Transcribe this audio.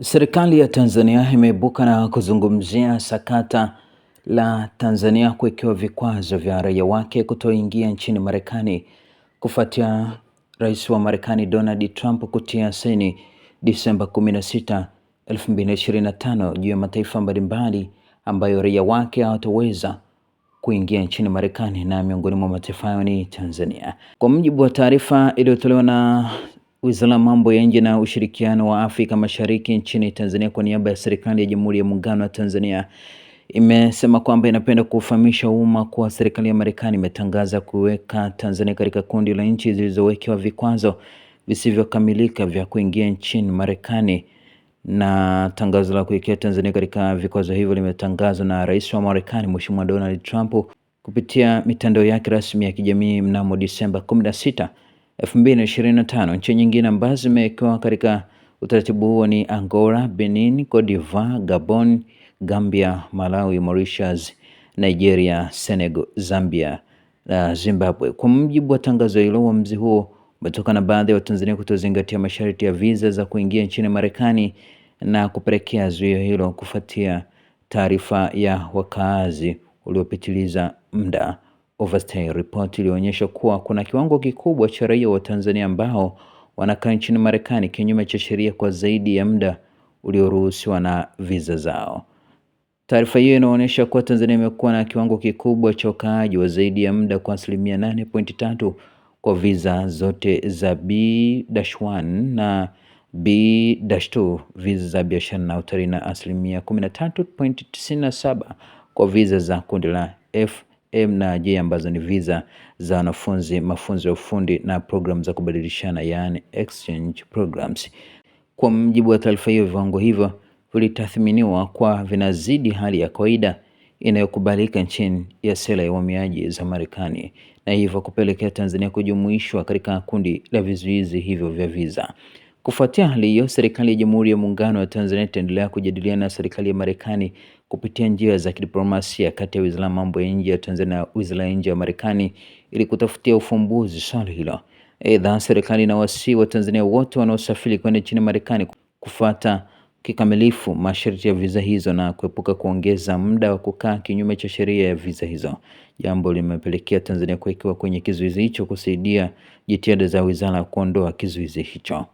Serikali ya Tanzania imeibuka na kuzungumzia sakata la Tanzania kuwekewa vikwazo vya raia wake kutoingia nchini Marekani kufuatia Rais wa Marekani Donald Trump kutia saini Disemba 16, 2025 juu ya mataifa mbalimbali ambayo raia wake hawataweza kuingia nchini Marekani na miongoni mwa mataifa hayo ni Tanzania. Kwa mujibu wa taarifa iliyotolewa na Wizara ya Mambo ya Nje na Ushirikiano wa Afrika Mashariki nchini Tanzania kwa niaba ya serikali ya Jamhuri ya Muungano wa Tanzania imesema kwamba inapenda kufahamisha umma kuwa serikali ya Marekani imetangaza kuweka Tanzania katika kundi la nchi zilizowekewa vikwazo visivyokamilika vya kuingia nchini Marekani na tangazo la kuikia Tanzania katika vikwazo hivyo limetangazwa na Rais wa Marekani Mheshimiwa Donald Trump kupitia mitandao yake rasmi ya kijamii mnamo Disemba 16 2025. Nchi nyingine ambazo zimewekewa katika utaratibu huo ni Angola, Benin, Cote d'Ivoire, Gabon, Gambia, Malawi, Mauritius, Nigeria, Senegal, Zambia na Zimbabwe. Kwa mujibu wa tangazo hilo, uamuzi huo umetoka na baadhi ya Watanzania kutozingatia masharti ya viza za kuingia nchini Marekani na kupelekea zuio hilo kufuatia taarifa ya wakaazi uliopitiliza muda Overstay report ilionyesha kuwa kuna kiwango kikubwa cha raia wa Tanzania ambao wanakaa nchini Marekani kinyume cha sheria kwa zaidi ya muda ulioruhusiwa na visa zao. Taarifa hiyo inaonyesha kuwa Tanzania imekuwa na kiwango kikubwa cha ukaaji wa zaidi ya muda kwa asilimia 8.3 kwa visa zote za B-1 na B-2, visa za biashara na utalii, na asilimia 13.97 kwa visa za kundi la F M na J ambazo ni visa za wanafunzi, mafunzo ya ufundi na programu za kubadilishana, yani exchange programs. Kwa mjibu wa taarifa hiyo, viwango hivyo vilitathminiwa kwa vinazidi hali ya kawaida inayokubalika nchini ya sera ya uhamiaji za Marekani na hivyo kupelekea Tanzania kujumuishwa katika kundi la vizuizi hivyo vya visa. Kufuatia hali hiyo, serikali ya Jamhuri ya Muungano wa Tanzania itaendelea kujadiliana na serikali ya Marekani kupitia njia za kidiplomasia kati ya Wizara ya Mambo ya Nje ya Tanzania na Wizara ya Nje ya Marekani ili kutafutia ufumbuzi swala hilo. Aidha, serikali inawasihi Watanzania wote wanaosafiri kwenda nchini Marekani kufuata kikamilifu masharti ya viza hizo na kuepuka kuongeza muda wa kukaa kinyume cha sheria ya viza hizo, jambo limepelekea Tanzania kuwekewa kwenye kizuizi hicho kusaidia jitihada za wizara kuondoa kizuizi hicho.